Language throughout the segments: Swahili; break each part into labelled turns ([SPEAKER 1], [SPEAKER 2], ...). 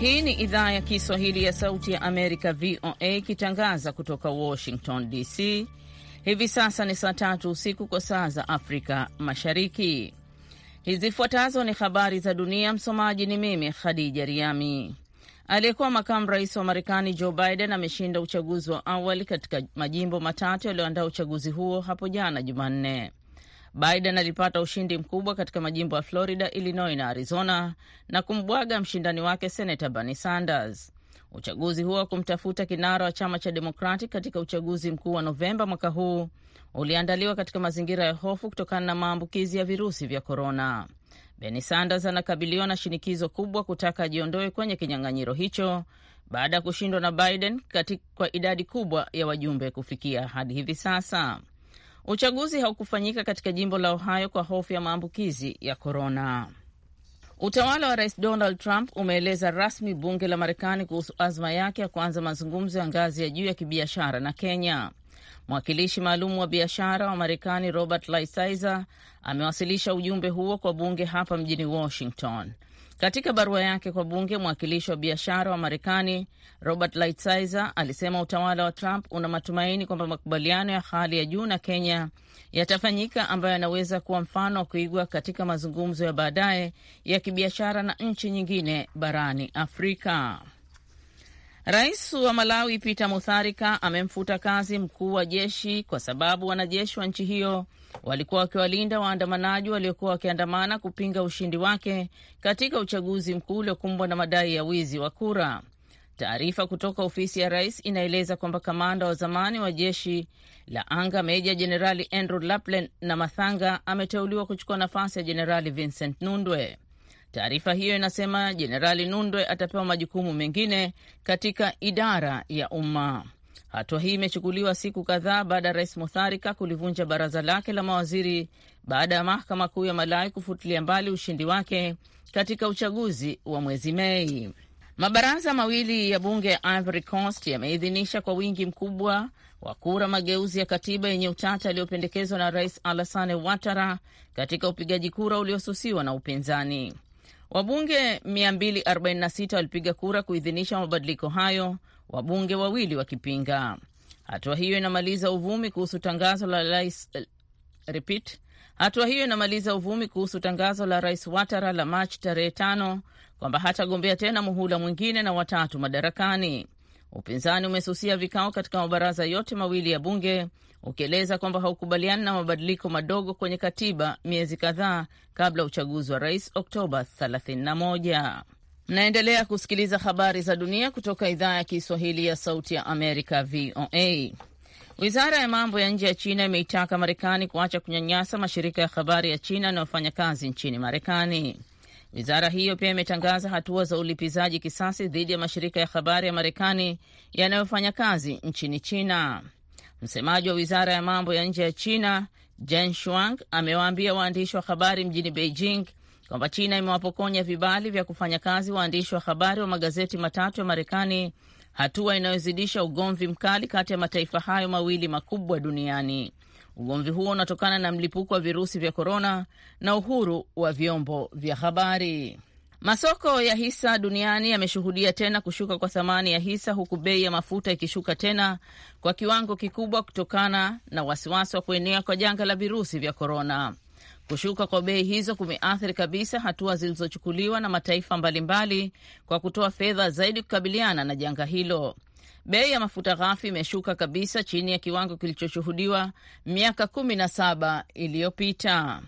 [SPEAKER 1] Hii ni idhaa ya Kiswahili ya Sauti ya Amerika, VOA, ikitangaza kutoka Washington DC. Hivi sasa ni saa tatu usiku kwa saa za Afrika Mashariki. Hizifuatazo ni habari za dunia. Msomaji ni mimi Khadija Riami. Aliyekuwa makamu rais wa Marekani Joe Biden ameshinda uchaguzi wa awali katika majimbo matatu yaliyoandaa uchaguzi huo hapo jana Jumanne. Biden alipata ushindi mkubwa katika majimbo ya Florida, Illinois na Arizona na kumbwaga mshindani wake senata Bernie Sanders. Uchaguzi huo wa kumtafuta kinara wa chama cha Demokrati katika uchaguzi mkuu wa Novemba mwaka huu uliandaliwa katika mazingira ya hofu kutokana na maambukizi ya virusi vya korona. Bernie Sanders anakabiliwa na shinikizo kubwa kutaka ajiondoe kwenye kinyang'anyiro hicho baada ya kushindwa na Biden kwa idadi kubwa ya wajumbe kufikia hadi hivi sasa. Uchaguzi haukufanyika katika jimbo la Ohio kwa hofu ya maambukizi ya korona. Utawala wa rais Donald Trump umeeleza rasmi bunge la Marekani kuhusu azma yake ya kuanza mazungumzo ya ngazi ya juu ya kibiashara na Kenya. Mwakilishi maalum wa biashara wa Marekani Robert Lighthizer amewasilisha ujumbe huo kwa bunge hapa mjini Washington. Katika barua yake kwa bunge, mwakilishi wa biashara wa Marekani Robert Lighthizer alisema utawala wa Trump una matumaini kwamba makubaliano ya hali ya juu na Kenya yatafanyika ambayo yanaweza kuwa mfano wa kuigwa katika mazungumzo ya baadaye ya kibiashara na nchi nyingine barani Afrika. Rais wa Malawi Peter Mutharika amemfuta kazi mkuu wa jeshi kwa sababu wanajeshi wa nchi hiyo walikuwa wakiwalinda waandamanaji waliokuwa wakiandamana kupinga ushindi wake katika uchaguzi mkuu uliokumbwa na madai ya wizi wa kura. Taarifa kutoka ofisi ya rais inaeleza kwamba kamanda wa zamani wa jeshi la anga meja jenerali Andrew Laplen na Mathanga ameteuliwa kuchukua nafasi ya jenerali Vincent Nundwe. Taarifa hiyo inasema jenerali Nundwe atapewa majukumu mengine katika idara ya umma. Hatua hii imechukuliwa siku kadhaa baada ya rais Mutharika kulivunja baraza lake la mawaziri baada ya mahakama kuu ya Malawi kufutilia mbali ushindi wake katika uchaguzi wa mwezi Mei. Mabaraza mawili ya bunge ya Ivory Coast yameidhinisha kwa wingi mkubwa wa kura mageuzi ya katiba yenye utata yaliyopendekezwa na rais Alassane Ouattara katika upigaji kura uliosusiwa na upinzani. Wabunge 246 walipiga kura kuidhinisha mabadiliko hayo wabunge wawili wakipinga. Hatua hiyo inamaliza uvumi kuhusu tangazo la rais, uh, repeat. Hatua hiyo inamaliza uvumi kuhusu tangazo la rais Watara la Machi tarehe tano kwamba hatagombea tena muhula mwingine na watatu madarakani. Upinzani umesusia vikao katika mabaraza yote mawili ya bunge ukieleza kwamba haukubaliani na mabadiliko madogo kwenye katiba miezi kadhaa kabla uchaguzi wa rais Oktoba 31. Mnaendelea kusikiliza habari za dunia kutoka idhaa ya Kiswahili ya Sauti ya Amerika, VOA. Wizara ya mambo ya nje ya China imeitaka Marekani kuacha kunyanyasa mashirika ya habari ya China yanayofanya kazi nchini Marekani. Wizara hiyo pia imetangaza hatua za ulipizaji kisasi dhidi ya mashirika ya habari ya Marekani yanayofanya kazi nchini China. Msemaji wa wizara ya mambo ya nje ya China Jen Shuang amewaambia waandishi wa habari mjini Beijing kwamba China imewapokonya vibali vya kufanya kazi waandishi wa habari wa magazeti matatu ya Marekani, hatua inayozidisha ugomvi mkali kati ya mataifa hayo mawili makubwa duniani. Ugomvi huo unatokana na mlipuko wa virusi vya korona na uhuru wa vyombo vya habari. Masoko ya hisa duniani yameshuhudia tena kushuka kwa thamani ya hisa huku bei ya mafuta ikishuka tena kwa kiwango kikubwa kutokana na wasiwasi wa kuenea kwa janga la virusi vya korona. Kushuka kwa bei hizo kumeathiri kabisa hatua zilizochukuliwa na mataifa mbalimbali kwa kutoa fedha zaidi kukabiliana na janga hilo. Bei ya mafuta ghafi imeshuka kabisa chini ya kiwango kilichoshuhudiwa miaka kumi na saba iliyopita.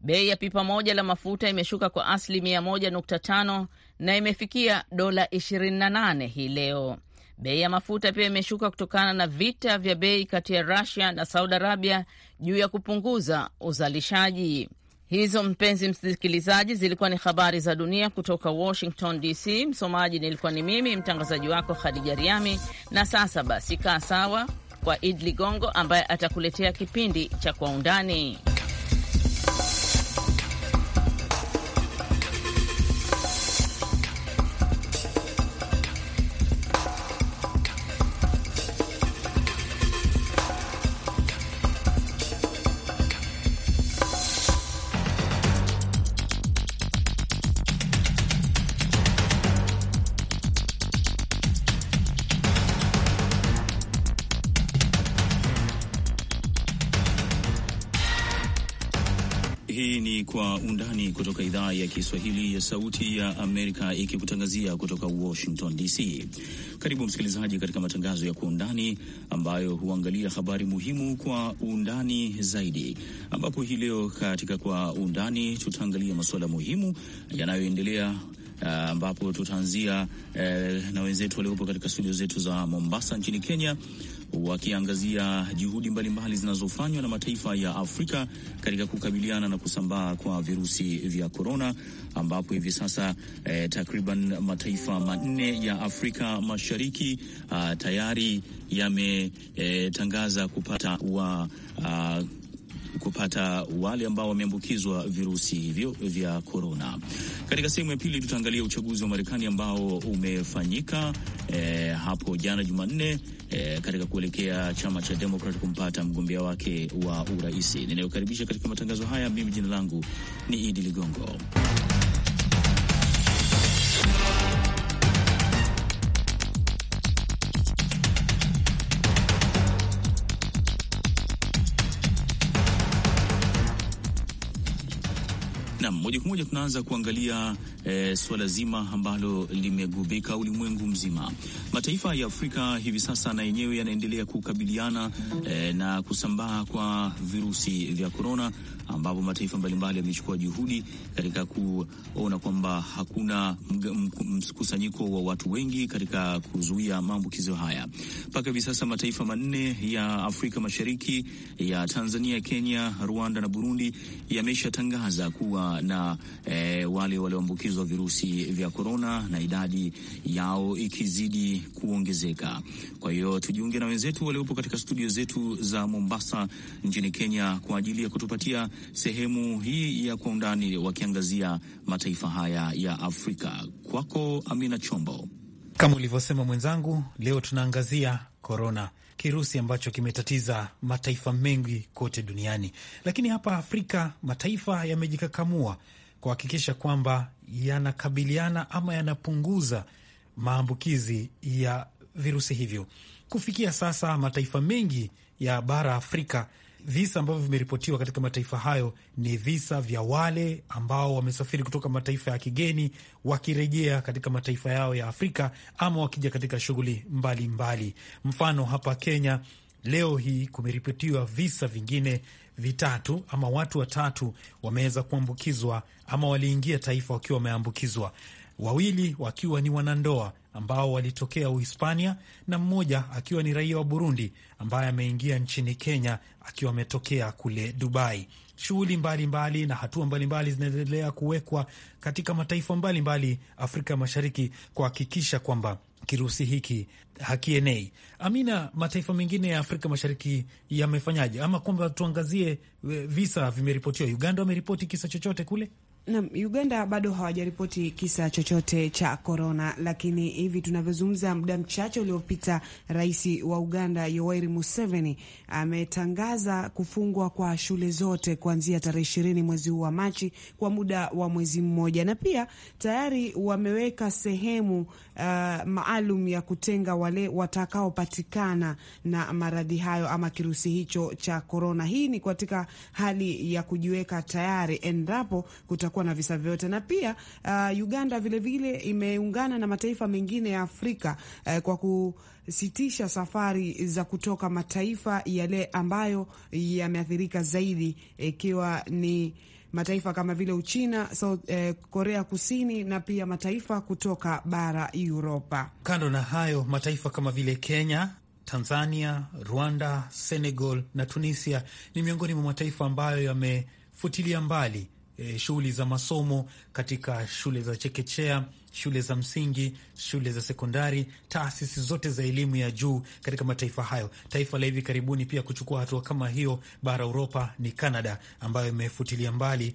[SPEAKER 1] Bei ya pipa moja la mafuta imeshuka kwa asilimia moja nukta tano na imefikia dola 28 hii leo. Bei ya mafuta pia imeshuka kutokana na vita vya bei kati ya Rusia na Saudi Arabia juu ya kupunguza uzalishaji. Hizo mpenzi msikilizaji, zilikuwa ni habari za dunia kutoka Washington DC. Msomaji nilikuwa ni mimi mtangazaji wako Khadija Riami, na sasa basi kaa sawa kwa Id Ligongo ambaye atakuletea kipindi cha Kwa Undani.
[SPEAKER 2] kutoka idhaa ya Kiswahili ya Sauti ya Amerika ikikutangazia kutoka Washington DC. Karibu msikilizaji, katika matangazo ya Kwa Undani ambayo huangalia habari muhimu kwa undani zaidi, ambapo hii leo katika Kwa Undani tutaangalia masuala muhimu yanayoendelea eh, ambapo uh, tutaanzia uh, na wenzetu waliopo katika studio zetu za Mombasa nchini Kenya wakiangazia juhudi mbalimbali zinazofanywa na mataifa ya Afrika katika kukabiliana na kusambaa kwa virusi vya korona, ambapo hivi sasa eh, takriban mataifa manne ya Afrika Mashariki ah, tayari yametangaza eh, kupata wa ah, kupata wale ambao wameambukizwa virusi hivyo vya korona. Katika sehemu ya pili tutaangalia uchaguzi wa Marekani ambao umefanyika e, hapo jana Jumanne e, katika kuelekea chama cha Demokrat kumpata mgombea wake wa uraisi. Ninayokaribisha katika matangazo haya, mimi jina langu ni Idi Ligongo. Nam, moja kwa moja tunaanza kuangalia e, suala zima ambalo limegubika ulimwengu mzima. Mataifa ya Afrika hivi sasa na yenyewe yanaendelea kukabiliana e, na kusambaa kwa virusi vya korona ambapo mataifa mbalimbali yamechukua juhudi katika kuona kwamba hakuna mkusanyiko wa watu wengi katika kuzuia maambukizo haya. Mpaka hivi sasa mataifa manne ya Afrika Mashariki ya Tanzania, Kenya, Rwanda na Burundi yameshatangaza kuwa na e, wale walioambukizwa virusi vya korona na idadi yao ikizidi kuongezeka. Kwa hiyo tujiunge na wenzetu waliopo katika studio zetu za Mombasa nchini Kenya kwa ajili ya kutupatia sehemu hii ya Kwa Undani wakiangazia mataifa haya ya Afrika.
[SPEAKER 3] Kwako Amina Chombo. Kama ulivyosema mwenzangu, leo tunaangazia korona, kirusi ambacho kimetatiza mataifa mengi kote duniani, lakini hapa Afrika mataifa yamejikakamua kuhakikisha kwamba yanakabiliana ama yanapunguza maambukizi ya virusi hivyo. Kufikia sasa mataifa mengi ya bara Afrika visa ambavyo vimeripotiwa katika mataifa hayo ni visa vya wale ambao wamesafiri kutoka mataifa ya kigeni wakirejea katika mataifa yao ya Afrika ama wakija katika shughuli mbalimbali. Mfano, hapa Kenya leo hii kumeripotiwa visa vingine vitatu ama watu watatu wameweza kuambukizwa ama waliingia taifa wakiwa wameambukizwa wawili wakiwa ni wanandoa ambao walitokea Uhispania na mmoja akiwa ni raia wa Burundi ambaye ameingia nchini Kenya akiwa ametokea kule Dubai. Shughuli mbalimbali na hatua mbalimbali zinaendelea kuwekwa katika mataifa mbalimbali mbali Afrika Mashariki kuhakikisha kwamba kirusi hiki hakienei. Amina, mataifa mengine ya Afrika Mashariki yamefanyaje? Ama kwamba tuangazie, eh, visa vimeripotiwa. Uganda wameripoti kisa chochote kule?
[SPEAKER 4] Na Uganda bado hawajaripoti kisa chochote cha korona, lakini hivi tunavyozungumza, muda mchache uliopita, rais wa Uganda Yoweri Museveni ametangaza kufungwa kwa shule zote kuanzia tarehe ishirini mwezi huu wa Machi kwa muda wa mwezi mmoja, na pia tayari wameweka sehemu uh, maalum ya kutenga wale watakaopatikana na maradhi hayo ama kirusi hicho cha korona. Hii ni katika hali ya kujiweka tayari endapo kutakuwa kutokuwa na visa vyote. Na pia uh, Uganda vilevile vile imeungana na mataifa mengine ya Afrika uh, kwa ku sitisha safari za kutoka mataifa yale ambayo yameathirika zaidi, ikiwa ni mataifa kama vile Uchina, South, uh, Korea Kusini na pia mataifa kutoka bara Uropa.
[SPEAKER 3] Kando na hayo, mataifa kama vile Kenya, Tanzania, Rwanda, Senegal na Tunisia ni miongoni mwa mataifa ambayo yamefutilia mbali eh, shughuli za masomo katika shule za chekechea, shule za msingi, shule za sekondari, taasisi zote za elimu ya juu katika mataifa hayo. Taifa la hivi karibuni pia kuchukua hatua kama hiyo bara Uropa ni Canada, ambayo imefutilia mbali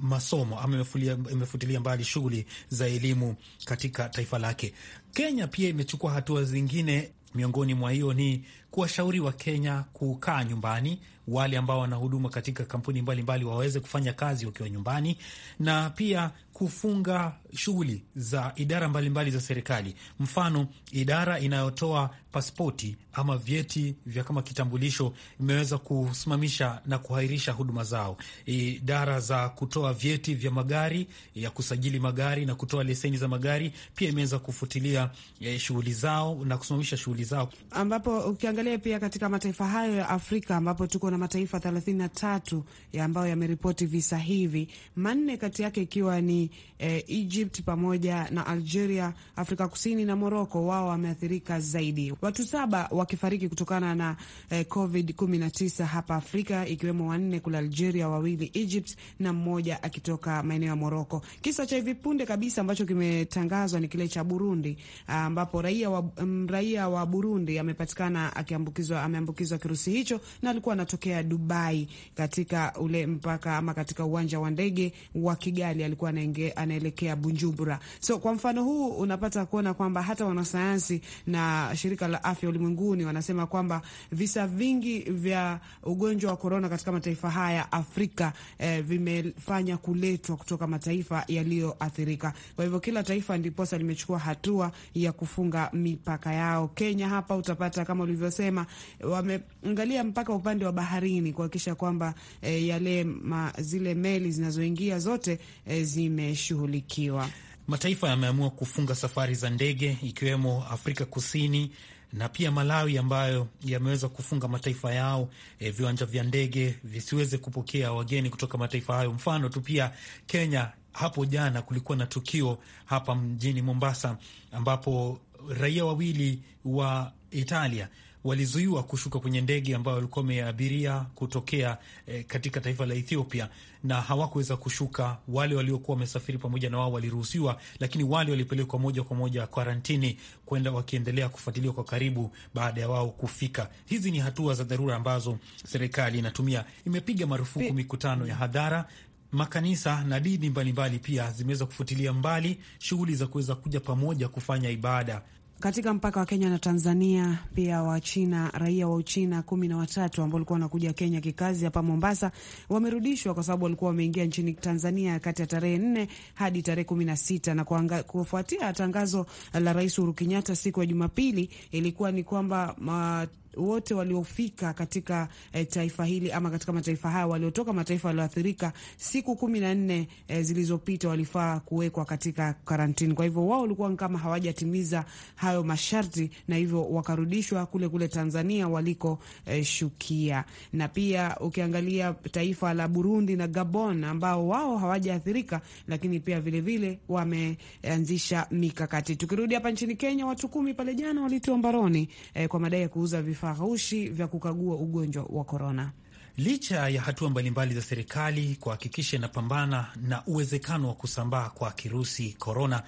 [SPEAKER 3] masomo ama imefutilia mbali shughuli za elimu katika taifa lake. Kenya pia imechukua hatua zingine, miongoni mwa hiyo ni kuwashauri Kenya kukaa nyumbani wale ambao wanahuduma katika kampuni mbalimbali waweze kufanya kazi wakiwa nyumbani na pia kufunga shughuli za idara mbalimbali mbali za serikali, mfano idara inayotoa paspoti ama vyeti vya kama kitambulisho imeweza kusimamisha na kuhairisha huduma zao. Idara za kutoa vyeti vya magari ya kusajili magari na kutoa leseni za magari pia imeweza kufutilia e, shughuli zao na kusimamisha shughuli zao,
[SPEAKER 4] ambapo ukiangalia pia katika mataifa hayo ya Afrika ambapo tuko na mataifa thelathini na tatu ya ambayo yameripoti visa hivi, manne kati yake ikiwa ni eh, Egypt pamoja na Algeria, Afrika Kusini na Moroko wao wameathirika zaidi, watu saba wakifariki kutokana na eh, COVID 19 hapa Afrika, ikiwemo wanne kule Algeria, wawili Egypt na mmoja akitoka maeneo ya Moroko. Kisa cha hivi punde kabisa ambacho kimetangazwa ni kile cha Burundi ambapo raia wa, um, raia wa Burundi amepatikana akiambukizwa ameambukizwa kirusi hicho na alikuwa anatokea Dubai katika ule mpaka ama katika uwanja wa ndege wa Kigali alikuwa anaelekea Bu Bujumbura. So kwa mfano huu unapata kuona kwamba hata wanasayansi na shirika la afya ulimwenguni wanasema kwamba visa vingi vya ugonjwa wa korona katika mataifa haya Afrika eh, vimefanya kuletwa kutoka mataifa yaliyoathirika. Kwa hivyo kila taifa ndiposa limechukua hatua ya kufunga mipaka yao. Kenya hapa utapata kama ulivyosema, wameangalia mpaka upande wa baharini kuhakikisha kwamba eh, yale ma, zile meli zinazoingia zote eh, zimeshughulikiwa hewa.
[SPEAKER 3] Mataifa yameamua kufunga safari za ndege ikiwemo Afrika Kusini na pia Malawi ambayo yameweza kufunga mataifa yao e, viwanja vya ndege visiweze kupokea wageni kutoka mataifa hayo. Mfano tu pia Kenya, hapo jana kulikuwa na tukio hapa mjini Mombasa ambapo raia wawili wa Italia walizuiwa kushuka kwenye ndege ambayo walikuwa wameabiria kutokea e, katika taifa la Ethiopia na hawakuweza kushuka. Wale waliokuwa wamesafiri pamoja na wao waliruhusiwa, lakini wale walipelekwa moja kwa moja karantini kwenda wakiendelea kufuatiliwa kwa karibu baada ya wao kufika. Hizi ni hatua za dharura ambazo serikali inatumia. Imepiga marufuku mikutano ya hadhara makanisa na dini mbalimbali pia zimeweza kufutilia mbali shughuli za kuweza kuja pamoja kufanya ibada
[SPEAKER 4] katika mpaka wa Kenya na Tanzania. Pia Wachina, raia wa Uchina kumi na watatu ambao walikuwa wanakuja Kenya kikazi hapa Mombasa wamerudishwa kwa sababu walikuwa wameingia nchini Tanzania kati ya tarehe nne hadi tarehe kumi na sita na kuanga, kufuatia tangazo la Rais Uhuru Kenyatta siku ya Jumapili ilikuwa ni kwamba uh, wote waliofika katika e, taifa hili ama katika mataifa haya waliotoka mataifa yaliyoathirika, siku kumi na nne e, zilizopita walifaa kuwekwa katika karantini. Kwa hivyo wao walikuwa kama hawajatimiza hayo masharti, na hivyo wakarudishwa kule kule Tanzania walikoshukia. Eh, e, na pia ukiangalia taifa la Burundi na Gabon ambao wao hawajaathirika, lakini pia vilevile wameanzisha mikakati. Tukirudi hapa nchini Kenya, watu kumi pale jana walitiwa mbaroni e, kwa madai ya kuuza vifaa vifurushi vya kukagua ugonjwa wa korona.
[SPEAKER 3] Licha ya hatua mbalimbali za serikali kuhakikisha inapambana na uwezekano wa kusambaa kwa kirusi korona,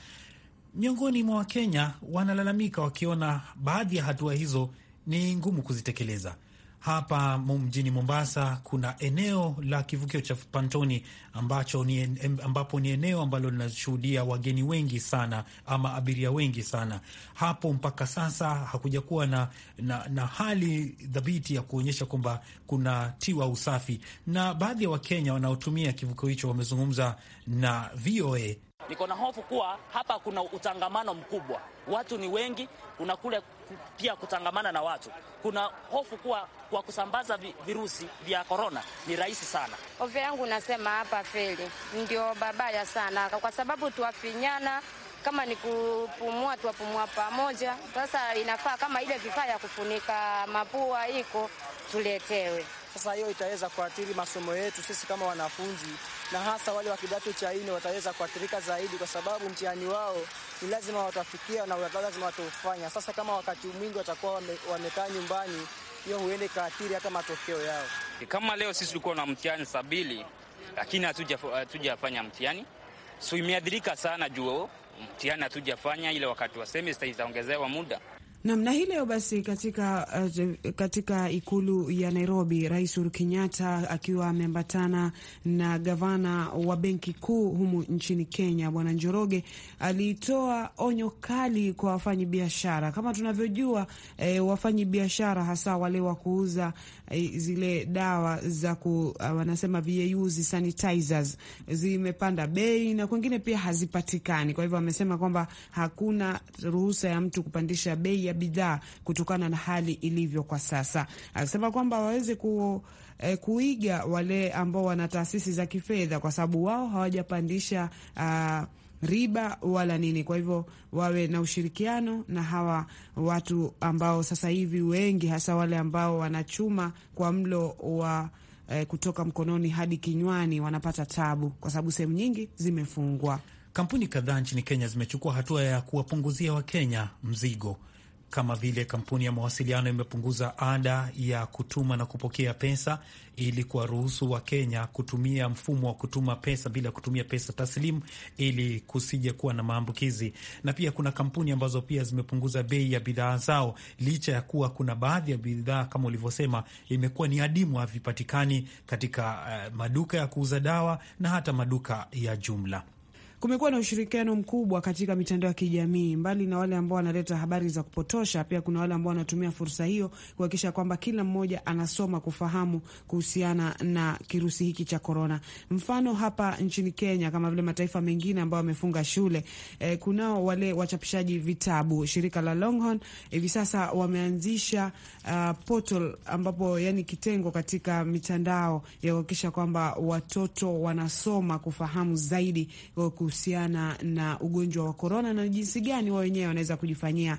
[SPEAKER 3] miongoni mwa Wakenya wanalalamika wakiona baadhi ya hatua hizo ni ngumu kuzitekeleza hapa mjini Mombasa kuna eneo la kivukio cha Pantoni ambacho ni, ambapo ni eneo ambalo linashuhudia wageni wengi sana ama abiria wengi sana hapo. Mpaka sasa hakuja kuwa na, na, na hali dhabiti ya kuonyesha kwamba kuna tiwa usafi, na baadhi ya Wakenya wanaotumia kivukio hicho wamezungumza na VOA.
[SPEAKER 2] Niko na hofu kuwa hapa kuna utangamano mkubwa, watu ni wengi, kuna kule pia kutangamana na watu. Kuna hofu kuwa kwa kusambaza virusi vya korona ni rahisi sana.
[SPEAKER 1] Ovya yangu nasema hapa feli ndio babaya sana, kwa sababu tuafinyana kama ni kupumua tuwapumua pamoja. Sasa inafaa kama ile vifaa ya kufunika mapua iko tuletewe. Sasa hiyo itaweza
[SPEAKER 5] kuathiri masomo yetu sisi kama wanafunzi, na hasa wale wa kidato cha nne wataweza kuathirika zaidi, kwa sababu mtihani wao ni lazima watafikia na lazima wataufanya. Sasa kama wakati mwingi watakuwa wamekaa nyumbani, hiyo huende ikaathiri hata matokeo yao. E, kama leo sisi tulikuwa na mtihani sabili, lakini hatujafanya mtihani, so imeadhirika sana juu mtihani hatujafanya, ile wakati wa semester itaongezewa muda
[SPEAKER 4] Namna hii leo basi katika, uh, katika ikulu ya Nairobi, Rais Uhuru Kenyatta akiwa ameambatana na gavana wa benki kuu humu nchini Kenya Bwana Njoroge alitoa onyo kali kwa wafanyi biashara. Kama tunavyojua eh, wafanyi biashara hasa wale wa kuuza eh, zile dawa za ku, uh, wanasema viyeyuzi sanitizers zimepanda bei na kwengine pia hazipatikani. Kwa hivyo amesema kwamba hakuna ruhusa ya mtu kupandisha bei bidhaa kutokana na hali ilivyo kwa sasa. Akisema kwamba waweze ku E, kuiga wale ambao wana taasisi za kifedha kwa sababu wao hawajapandisha ah, riba wala nini. Kwa hivyo wawe na ushirikiano na hawa watu ambao sasa hivi wengi, hasa wale ambao wanachuma kwa mlo wa e, kutoka mkononi hadi kinywani, wanapata tabu kwa sababu sehemu nyingi zimefungwa.
[SPEAKER 3] Kampuni kadhaa nchini Kenya zimechukua hatua ya kuwapunguzia Wakenya mzigo kama vile kampuni ya mawasiliano imepunguza ada ya kutuma na kupokea pesa ili kuwaruhusu Wakenya kutumia mfumo wa kutuma pesa bila kutumia pesa taslimu ili kusije kuwa na maambukizi. Na pia kuna kampuni ambazo pia zimepunguza bei ya bidhaa zao, licha ya kuwa kuna baadhi ya bidhaa kama ulivyosema, imekuwa ni adimu, havipatikani katika uh, maduka ya kuuza dawa na hata maduka ya jumla
[SPEAKER 4] kumekuwa na ushirikiano mkubwa katika mitandao ya kijamii. Mbali na wale ambao wanaleta habari za kupotosha, pia kuna wale ambao wanatumia fursa hiyo kuhakikisha kwamba kila mmoja anasoma kufahamu kuhusiana na kirusi hiki cha korona. Mfano hapa nchini Kenya, kama vile mataifa mengine ambayo wamefunga shule e, kunao wale wachapishaji vitabu, shirika la Longhorn hivi e, sasa wameanzisha uh, portal ambapo, yani kitengo katika mitandao ya kuhakikisha kwamba watoto wanasoma kufahamu zaidi eh, kuhusu kuhusiana na ugonjwa wa korona na jinsi gani wao wenyewe wanaweza kujifanyia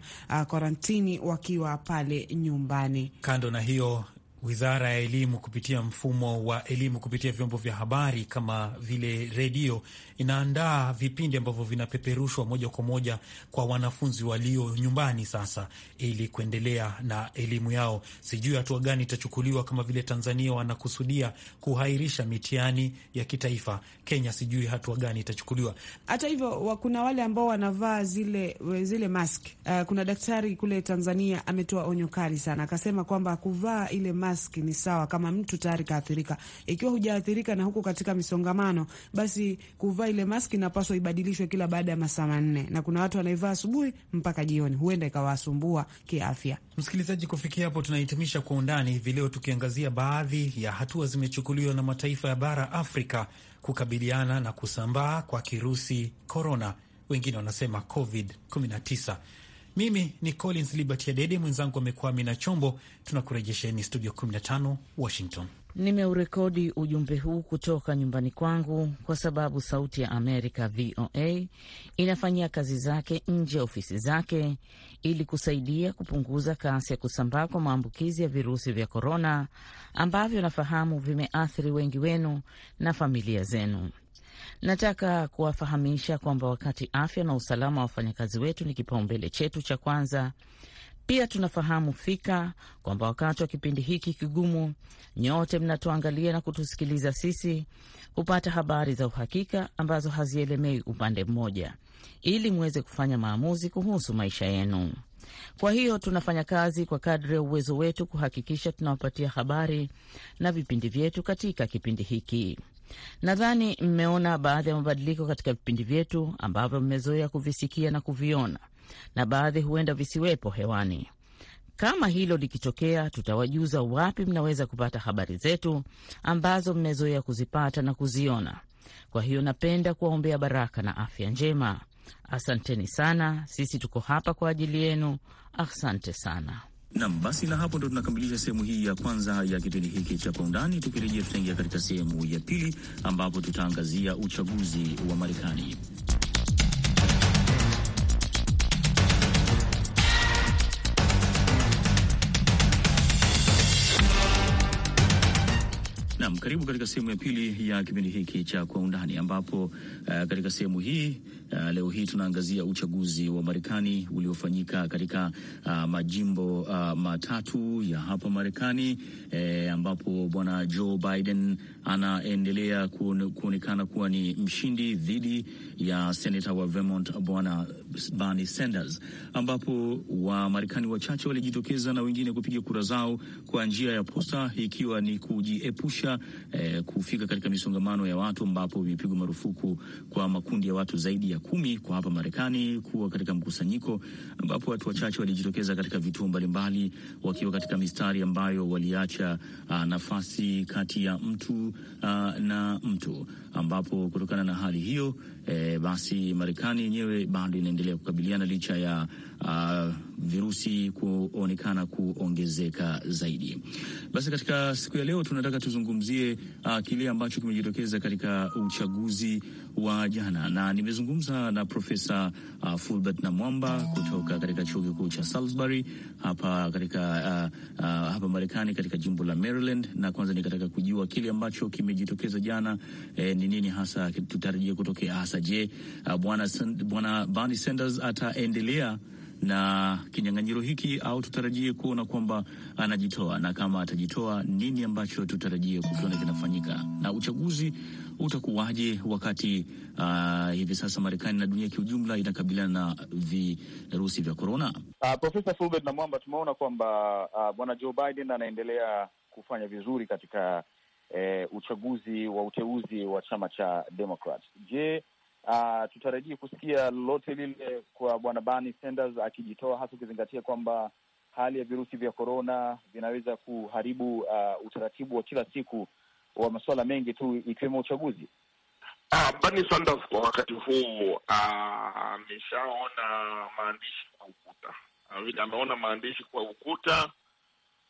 [SPEAKER 4] karantini uh, wakiwa pale nyumbani.
[SPEAKER 3] Kando na hiyo wizara ya elimu kupitia mfumo wa elimu kupitia vyombo vya habari kama vile redio inaandaa vipindi ambavyo vinapeperushwa moja kwa moja kwa wanafunzi walio nyumbani sasa, ili kuendelea na elimu yao. Sijui hatua gani itachukuliwa, kama vile Tanzania wanakusudia kuhairisha mitihani ya kitaifa. Kenya sijui hatua gani itachukuliwa.
[SPEAKER 4] Hata hivyo, kuna wale ambao wanavaa zile, zile mask. Uh, kuna daktari kule Tanzania ametoa onyo kali sana, akasema kwamba kuvaa ile mask maski ni sawa, kama mtu tayari kaathirika. Ikiwa hujaathirika na huko katika misongamano, basi kuvaa ile maski inapaswa ibadilishwe kila baada ya masaa manne, na kuna watu wanaivaa asubuhi mpaka jioni, huenda ikawasumbua kiafya.
[SPEAKER 3] Msikilizaji, kufikia hapo tunahitimisha Kwa Undani hivi leo tukiangazia baadhi ya hatua zimechukuliwa na mataifa ya bara Afrika kukabiliana na kusambaa kwa kirusi korona, wengine wanasema COVID-19. Mimi ni Collins Liberty Adede, mwenzangu amekuwa Amina Chombo. Tunakurejesheni studio 15 Washington.
[SPEAKER 1] Nimeurekodi ujumbe huu kutoka nyumbani kwangu kwa sababu Sauti ya Amerika VOA inafanyia kazi zake nje ya ofisi zake ili kusaidia kupunguza kasi ya kusambaa kwa maambukizi ya virusi vya korona ambavyo nafahamu vimeathiri wengi wenu na familia zenu. Nataka kuwafahamisha kwamba wakati afya na usalama wa wafanyakazi wetu ni kipaumbele chetu cha kwanza, pia tunafahamu fika kwamba wakati wa kipindi hiki kigumu, nyote mnatuangalia na kutusikiliza sisi kupata habari za uhakika ambazo hazielemei upande mmoja, ili mweze kufanya maamuzi kuhusu maisha yenu. Kwa hiyo tunafanya kazi kwa kadri ya uwezo wetu kuhakikisha tunawapatia habari na vipindi vyetu katika kipindi hiki. Nadhani mmeona baadhi ya mabadiliko katika vipindi vyetu ambavyo mmezoea kuvisikia na kuviona, na baadhi huenda visiwepo hewani. Kama hilo likitokea, tutawajuza wapi mnaweza kupata habari zetu ambazo mmezoea kuzipata na kuziona. Kwa hiyo napenda kuwaombea baraka na afya njema. Asanteni sana, sisi tuko hapa kwa ajili yenu. Asante sana.
[SPEAKER 2] Nam, basi na hapo ndo tunakamilisha sehemu hii ya kwanza ya kipindi hiki cha Kwa Undani. Tukirejea tutaingia katika sehemu ya pili ambapo tutaangazia uchaguzi wa Marekani. Karibu katika sehemu ya pili ya kipindi hiki cha Kwa Undani, ambapo uh, katika sehemu hii uh, leo hii tunaangazia uchaguzi wa Marekani uliofanyika katika uh, majimbo uh, matatu ya hapa Marekani eh, ambapo bwana Joe Biden anaendelea kuonekana kuwa ni mshindi dhidi ya senata wa Vermont bwana Bernie Sanders, ambapo Wamarekani wachache walijitokeza na wengine kupiga kura zao kwa njia ya posta, ikiwa ni kujiepusha eh, kufika katika misongamano ya watu ambapo imepigwa marufuku kwa makundi ya watu zaidi ya kumi kwa hapa Marekani kuwa katika mkusanyiko, ambapo watu wachache walijitokeza katika vituo mbalimbali wakiwa katika mistari ambayo waliacha ah, nafasi kati ya mtu ah, na mtu, ambapo kutokana na hali hiyo e, basi Marekani yenyewe bado inaendelea kukabiliana licha ya uh, virusi kuonekana kuongezeka zaidi. Basi katika siku ya leo tunataka tuzungumzie uh, kile ambacho kimejitokeza katika uchaguzi wa jana, na nimezungumza na Profesa uh, Fulbert Namwamba kutoka katika chuo kikuu cha Salisbury hapa katika uh, uh, hapa Marekani katika jimbo la Maryland, na kwanza nikataka kujua kile ambacho kimejitokeza jana eh, ni eh, nini hasa tutarajia kutokea hasa. Je, uh, bwana Bwana Bernie Sanders ataendelea na kinyang'anyiro hiki au tutarajie kuona kwamba anajitoa, na kama atajitoa, nini ambacho tutarajie kukiona kinafanyika, na uchaguzi utakuwaje wakati uh, hivi sasa Marekani na dunia kiujumla inakabiliana na virusi vya korona? Uh, ah, Profesa Fulbert na Mwamba,
[SPEAKER 5] tumeona kwamba uh, bwana Joe Biden anaendelea kufanya vizuri katika uh, uchaguzi wa uteuzi wa chama cha Democrat. Je, Uh, ah, tutarajii kusikia lolote lile kwa bwana Bernie Sanders akijitoa, hasa ukizingatia kwamba hali ya virusi vya korona vinaweza kuharibu uh, utaratibu wa kila siku wa masuala mengi tu ikiwemo uchaguzi. Uh, ah, Bernie Sanders kwa wakati huu
[SPEAKER 6] ameshaona maandishi kwa ukuta vile ameona maandishi kwa ukuta.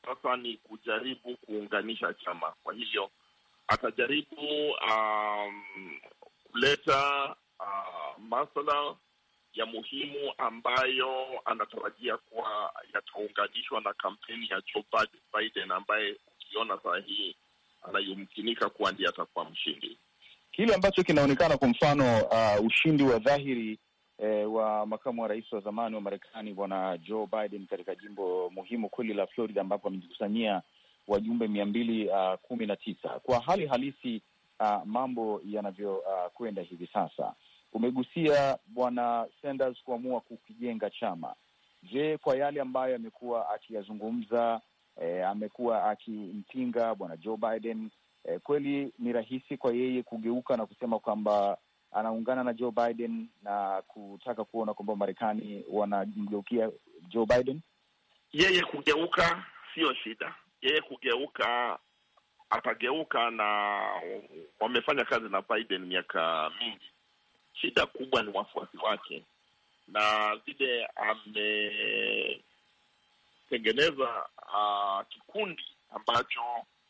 [SPEAKER 6] Sasa ni kujaribu kuunganisha chama, kwa hivyo atajaribu um, kuleta uh, ah, masala ya muhimu ambayo anatarajia kuwa yataunganishwa na kampeni ya Joe Biden ambaye ukiona saa hii anayumkinika kuwa ndiye atakuwa mshindi.
[SPEAKER 5] Kile ambacho kinaonekana kwa mfano uh, ushindi wa dhahiri eh, wa makamu wa rais wa zamani wa Marekani bwana Joe Biden katika jimbo muhimu kweli la Florida ambapo amejikusanyia wajumbe mia mbili uh, kumi na tisa. Kwa hali halisi uh, mambo yanavyokwenda uh, hivi sasa umegusia bwana Sanders kuamua kukijenga chama. Je, kwa yale ambayo amekuwa akiyazungumza, e, amekuwa akimpinga bwana Joe Biden, e, kweli ni rahisi kwa yeye kugeuka na kusema kwamba anaungana na Joe Biden na kutaka kuona kwamba Marekani wanamgeukia Joe Biden?
[SPEAKER 6] Yeye kugeuka siyo shida, yeye kugeuka atageuka, na wamefanya kazi na Biden miaka mingi Shida kubwa ni wafuasi wake na vile ametengeneza uh, kikundi ambacho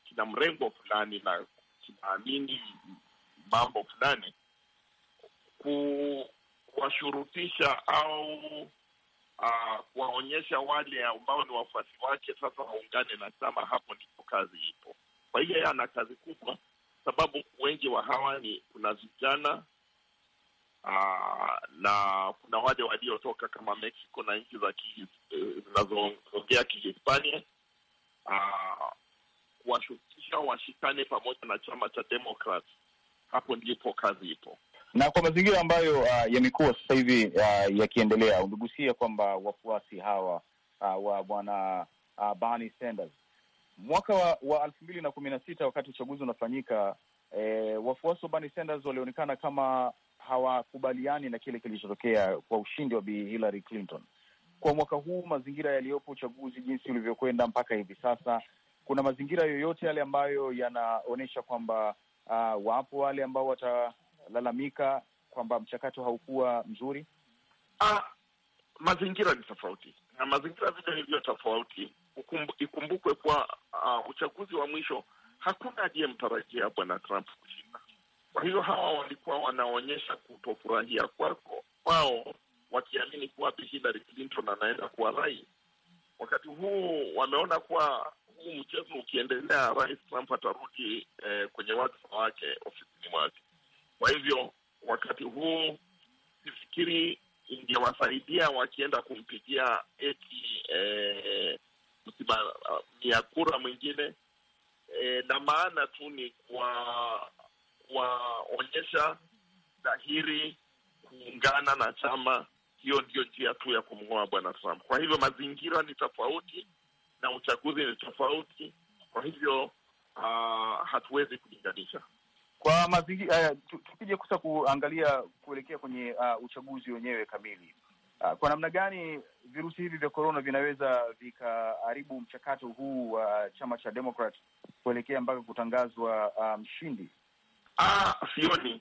[SPEAKER 6] kina mrengo fulani na kinaamini mambo fulani, kuwashurutisha au uh, kuwaonyesha wale ambao ni wafuasi wake sasa waungane na chama, hapo ndipo kazi ipo. Kwa hiyo ana kazi kubwa, sababu wengi wa hawa ni kuna vijana Ah, na kuna wale waliotoka kama Mexico na nchi za eh, zinazoongea Kihispania ah, kuwashukisha washikane pamoja na chama cha Demokrat. Hapo ndipo kazi ipo
[SPEAKER 5] na kwa mazingira ambayo uh, yamekuwa sasa hivi uh, yakiendelea,
[SPEAKER 6] umegusia kwamba wafuasi hawa uh, wa
[SPEAKER 5] bwana uh, Bernie Sanders mwaka wa, wa elfu mbili na kumi na sita wakati uchaguzi unafanyika, eh, wafuasi wa Bernie Sanders walionekana kama hawakubaliani na kile kilichotokea kwa ushindi wa Bi Hillary Clinton kwa mwaka huu. Mazingira yaliyopo, uchaguzi jinsi ulivyokwenda mpaka hivi sasa, kuna mazingira yoyote yale ambayo yanaonyesha kwamba uh, wapo wale ambao watalalamika kwamba mchakato haukuwa mzuri? Ah,
[SPEAKER 6] mazingira ni tofauti na mazingira vile hivyo tofauti. Ikumbukwe kwa uh, uchaguzi wa mwisho hakuna aliyemtarajia bwana Trump kushinda kwa hiyo hawa walikuwa wanaonyesha kutofurahia kwako wao, wakiamini kuwa Hillary Clinton anaenda kuwa rais. Wakati huu wameona kuwa huu mchezo ukiendelea, rais Trump atarudi eh, kwenye wadhifa wake ofisini mwake. Kwa hivyo wakati huu sifikiri ingewasaidia wakienda kumpigia eti eh, msimamia kura mwingine eh, na maana tu ni kwa waonyesha dhahiri kuungana na chama, hiyo ndiyo njia tu ya kumng'oa bwana Trump. Kwa hivyo mazingira ni tofauti na uchaguzi ni tofauti, kwa hivyo uh, hatuwezi kulinganisha
[SPEAKER 5] kwa mazingira uh, eh, tukija kusa kuangalia
[SPEAKER 6] kuelekea kwenye
[SPEAKER 5] uh, uchaguzi wenyewe kamili uh, kwa namna gani virusi hivi vya korona vinaweza vikaharibu mchakato huu wa uh, chama cha demokrat kuelekea mpaka kutangazwa mshindi um, A, ah,
[SPEAKER 6] sioni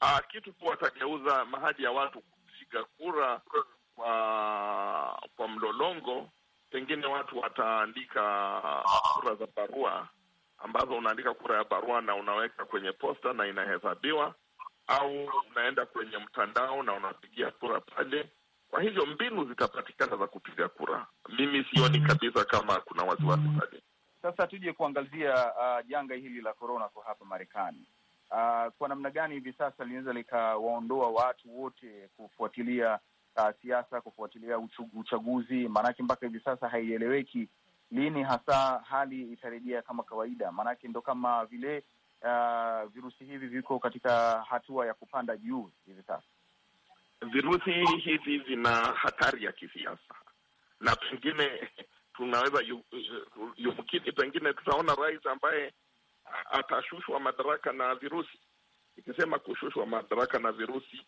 [SPEAKER 6] A, ah, kitu tu watageuza mahaji ya watu kupiga kura kwa, kwa mlolongo. Pengine watu wataandika kura za barua ambazo unaandika kura ya barua na unaweka kwenye posta na inahesabiwa, au unaenda kwenye mtandao na unapigia kura pale. Kwa hivyo mbinu zitapatikana za kupiga kura. Mimi sioni kabisa kama kuna wasiwasi pale.
[SPEAKER 5] Sasa tuje kuangazia uh, janga hili la korona kwa hapa Marekani uh, kwa namna gani hivi sasa linaweza likawaondoa watu wote kufuatilia uh, siasa, kufuatilia uchaguzi. Maanake mpaka hivi sasa haieleweki lini hasa hali itarejea kama kawaida, maanake ndo kama vile uh, virusi hivi viko katika hatua ya kupanda juu hivi sasa.
[SPEAKER 6] Virusi hivi vina hatari ya kisiasa na pengine tunaweza yumkini, pengine tutaona rais ambaye atashushwa madaraka na virusi. Ikisema kushushwa madaraka na virusi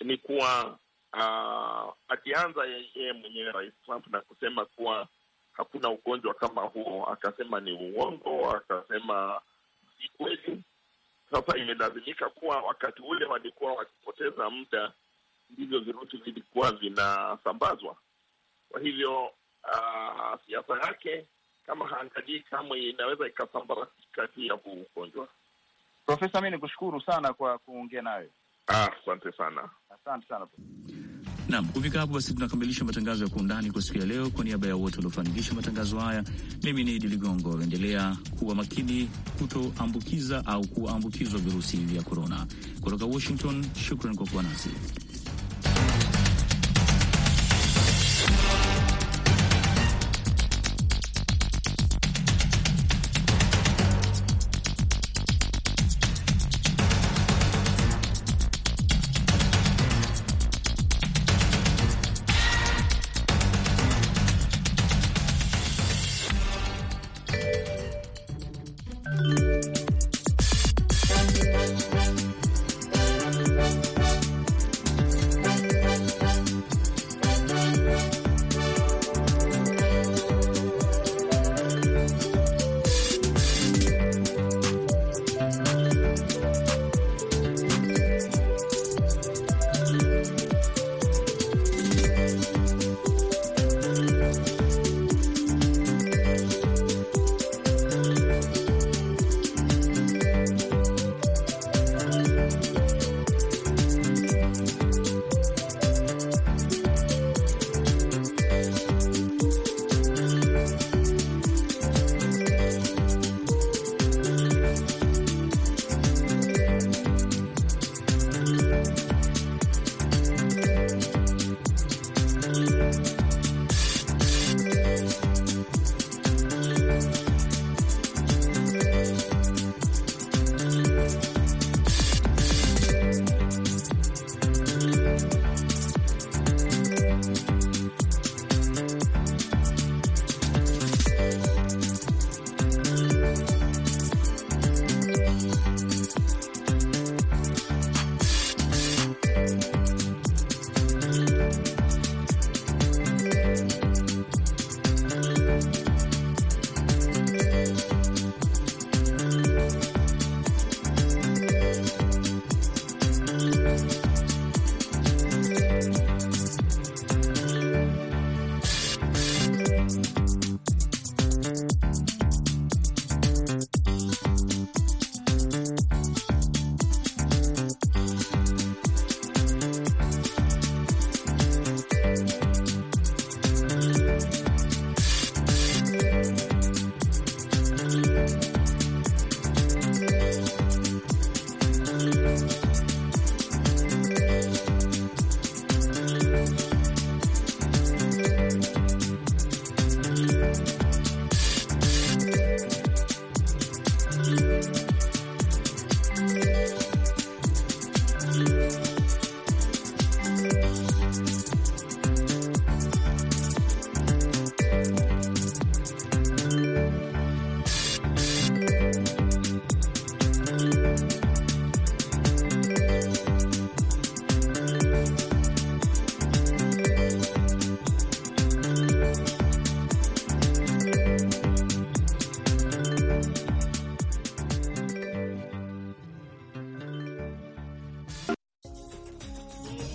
[SPEAKER 6] ni kuwa uh, akianza yeye mwenyewe Rais Trump na kusema kuwa hakuna ugonjwa kama huo, akasema ni uongo, akasema si kweli. Sasa imelazimika kuwa wakati ule walikuwa wakipoteza muda, ndivyo virusi vilikuwa vinasambazwa. Kwa hivyo uh, siasa yake kama haangalii kamwe, inaweza ikasambaratika juu ya huu ugonjwa.
[SPEAKER 5] Profesa, mi ni kushukuru sana kwa kuongea nawe.
[SPEAKER 6] Ah, asante ah, sana,
[SPEAKER 5] asante
[SPEAKER 2] sana. Nam, kufika hapo basi tunakamilisha matangazo ya Kwa Undani kwa siku ya leo. Kwa niaba ya wote waliofanikisha matangazo haya, mimi ni Idi Ligongo. Endelea kuwa makini kutoambukiza au kuambukizwa virusi vya korona. Kutoka Washington, shukran kwa kuwa nasi.